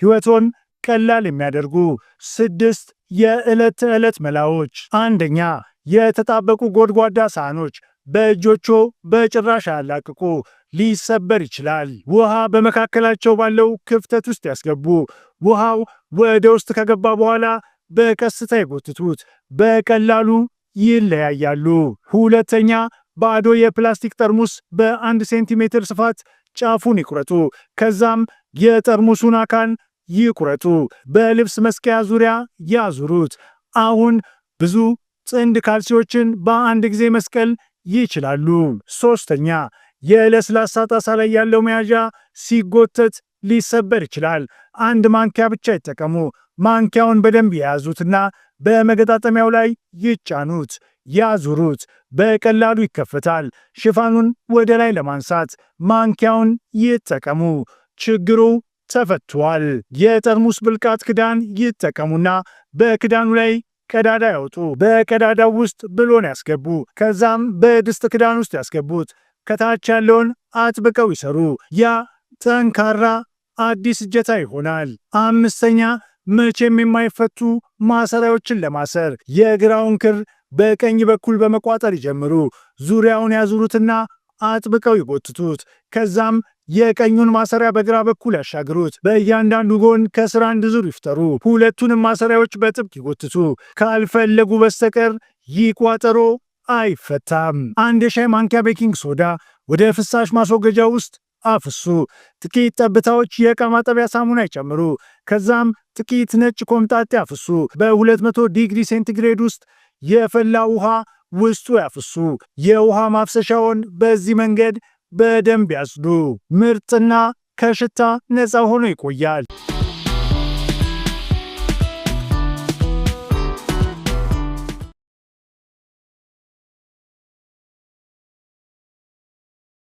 ሕይወቶን ቀላል የሚያደርጉ ስድስት የዕለት ተዕለት መላዎች። አንደኛ፣ የተጣበቁ ጎድጓዳ ሳህኖች በእጆቹ በጭራሽ አላቅቁ ሊሰበር ይችላል። ውሃ በመካከላቸው ባለው ክፍተት ውስጥ ያስገቡ። ውሃው ወደ ውስጥ ከገባ በኋላ በቀስታ ይጎትቱት፣ በቀላሉ ይለያያሉ። ሁለተኛ፣ ባዶ የፕላስቲክ ጠርሙስ በአንድ ሴንቲሜትር ስፋት ጫፉን ይቁረጡ። ከዛም የጠርሙሱን አካል ይቁረጡ፣ በልብስ መስቀያ ዙሪያ ያዙሩት። አሁን ብዙ ጥንድ ካልሲዎችን በአንድ ጊዜ መስቀል ይችላሉ። ሶስተኛ የለስላሳ ጣሳ ላይ ያለው መያዣ ሲጎተት ሊሰበር ይችላል። አንድ ማንኪያ ብቻ ይጠቀሙ። ማንኪያውን በደንብ የያዙትና በመገጣጠሚያው ላይ ይጫኑት። ያዙሩት። በቀላሉ ይከፈታል። ሽፋኑን ወደ ላይ ለማንሳት ማንኪያውን ይጠቀሙ። ችግሩ ተፈቷል። የጠርሙስ ብልቃጥ ክዳን ይጠቀሙና በክዳኑ ላይ ቀዳዳ ያውጡ። በቀዳዳው ውስጥ ብሎን ያስገቡ። ከዛም በድስት ክዳን ውስጥ ያስገቡት። ከታች ያለውን አጥብቀው ይሰሩ። ያ ጠንካራ አዲስ እጀታ ይሆናል። አምስተኛ መቼም የማይፈቱ ማሰሪያዎችን ለማሰር የግራውን ክር በቀኝ በኩል በመቋጠር ይጀምሩ። ዙሪያውን ያዙሩትና አጥብቀው ይጎትቱት። ከዛም የቀኙን ማሰሪያ በግራ በኩል ያሻግሩት። በእያንዳንዱ ጎን ከስር አንድ ዙር ይፍጠሩ። ሁለቱንም ማሰሪያዎች በጥብቅ ይጎትቱ። ካልፈለጉ በስተቀር ይህ ቋጠሮ አይፈታም። አንድ የሻይ ማንኪያ ቤኪንግ ሶዳ ወደ ፍሳሽ ማስወገጃ ውስጥ አፍሱ። ጥቂት ጠብታዎች የዕቃ ማጠቢያ ሳሙና ይጨምሩ። ከዛም ጥቂት ነጭ ኮምጣጤ አፍሱ። በ200 ዲግሪ ሴንቲግሬድ ውስጥ የፈላ ውሃ ውስጡ ያፍሱ። የውሃ ማፍሰሻውን በዚህ መንገድ በደንብ ያጽዱ። ምርጥና ከሽታ ነፃ ሆኖ ይቆያል።